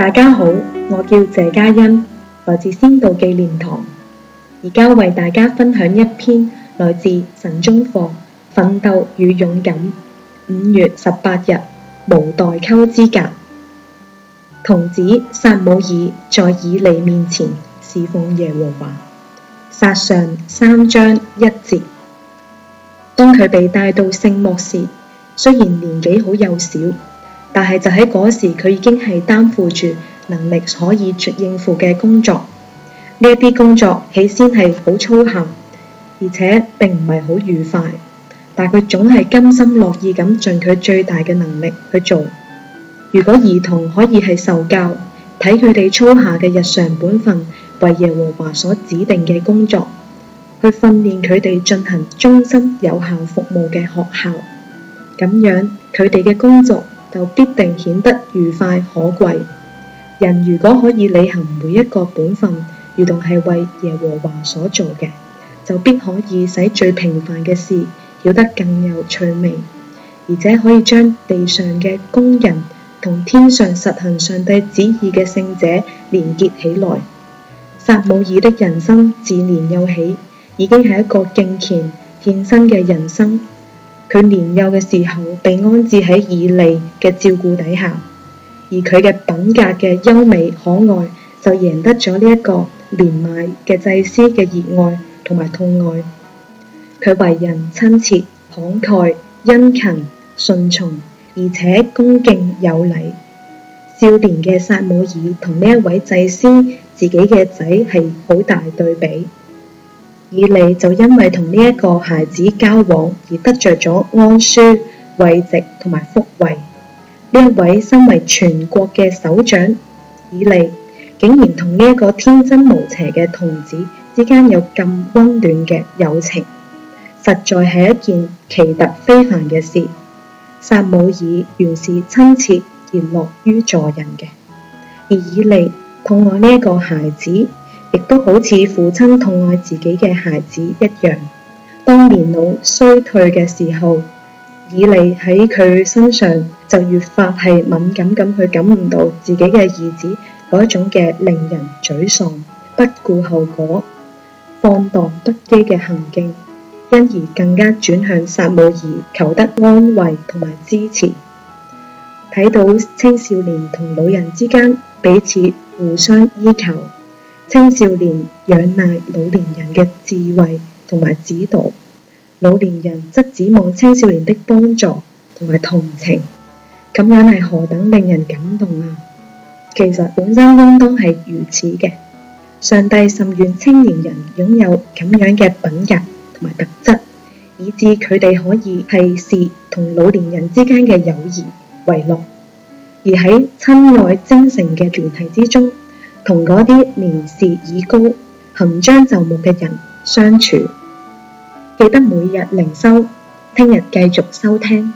大家好，我叫謝嘉欣，來自仙道紀念堂，而家為大家分享一篇來自神中課《奮鬥與勇敢》五月十八日無代溝之隔。童子撒母耳在以利面前侍奉耶和華，撒上三章一節，當佢被帶到聖幕時，雖然年紀好幼小。但係就喺嗰時，佢已經係擔負住能力可以應付嘅工作。呢一啲工作起先係好粗行，而且並唔係好愉快。但係佢總係甘心樂意咁，盡佢最大嘅能力去做。如果兒童可以係受教，睇佢哋粗下嘅日常本分，為耶和華所指定嘅工作，去訓練佢哋進行忠心有效服務嘅學校，咁樣佢哋嘅工作。就必定顯得愉快可貴。人如果可以履行每一個本分，如同係為耶和華所做嘅，就必可以使最平凡嘅事曉得更有趣味，而且可以將地上嘅工人同天上實行上帝旨意嘅聖者連結起來。撒母耳的人生自年幼起，已經係一個敬虔獻身嘅人生。佢年幼嘅時候，被安置喺以利嘅照顧底下，而佢嘅品格嘅優美可愛就贏得咗呢一個年邁嘅祭司嘅熱愛同埋痛愛。佢為人親切、慷慨、殷勤、順從，而且恭敬有禮。少年嘅撒母耳同呢一位祭司自己嘅仔係好大對比。以利就因為同呢一個孩子交往而得着咗安舒、慰藉同埋福惠。呢一位身為全國嘅首長，以利竟然同呢一個天真無邪嘅童子之間有咁溫暖嘅友情，實在係一件奇特非凡嘅事。撒母耳原是親切而樂於助人嘅，而以利疼愛呢一個孩子。亦都好似父親疼愛自己嘅孩子一樣，當年老衰退嘅時候，以利喺佢身上就越發係敏感咁去感悟到自己嘅兒子嗰種嘅令人沮喪、不顧後果、放蕩不羈嘅行徑，因而更加轉向撒母耳求得安慰同埋支持，睇到青少年同老人之間彼此互相依靠。青少年仰賴老年人嘅智慧同埋指導，老年人則指望青少年的幫助同埋同情，咁樣係何等令人感動啊！其實本身應當係如此嘅。上帝甚願青年人擁有咁樣嘅品格同埋特質，以至佢哋可以係視同老年人之間嘅友誼為樂，而喺親愛精誠嘅聯繫之中。同嗰啲年事已高、行將就木嘅人相處，記得每日靈修，聽日繼續收聽。